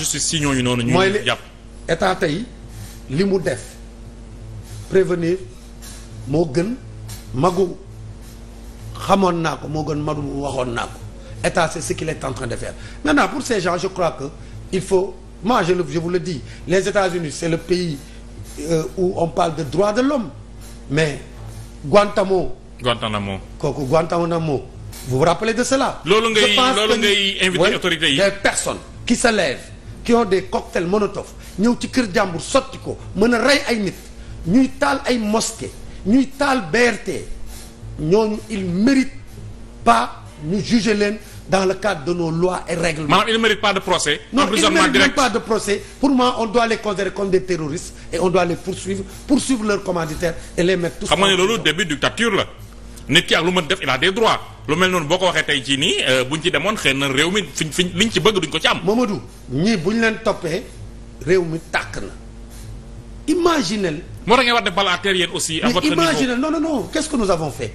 justice si ñooñu noonu. ñu mooy li état tey li mu def prévenir moo gën magu xamoon naa ko moo gën magu waxoon naa ko état c'est ce qu'il est en train de faire maintenant pour ces gens je crois que il faut vous le dis les États-Unis c'est le pays euh, où on parle de droits de l'homme mais Guantanamo. Guantanamo kooku Guantanamo vous vous rappelez de cela. loolu ngay loolu ngay invité autorités yi je pense qui se qui ont des cocktails Molotov ñëw ci kër jàmbur sotti ko mën a rey ay nit ñuy taal ay mosquée ñuy taal BRT ñooñu il mérite pas ñu juger leen dans le cadre de nos lois et règlements. maanaam il ne mérite pas de procès. non pour moi on doit les considérer comme des terroristes et on doit les poursuivre poursuivre leurs commanditaires et les mettre tous. xam nga début dictature la. nit ki ak lu mën def il a des lu mel noonu boo ko waxee tey ci nii euh, buñ ci demoon xëy na réew mi fiñ fiñ liñ ci bëgg duñ ko ci am. Mamadou ñii buñ leen toppee réew mi tàkk na imaginez. moo tax ngeen war def balaa terre yéen aussi. à votre niveau mais imaginez non non non ce que nous avons fait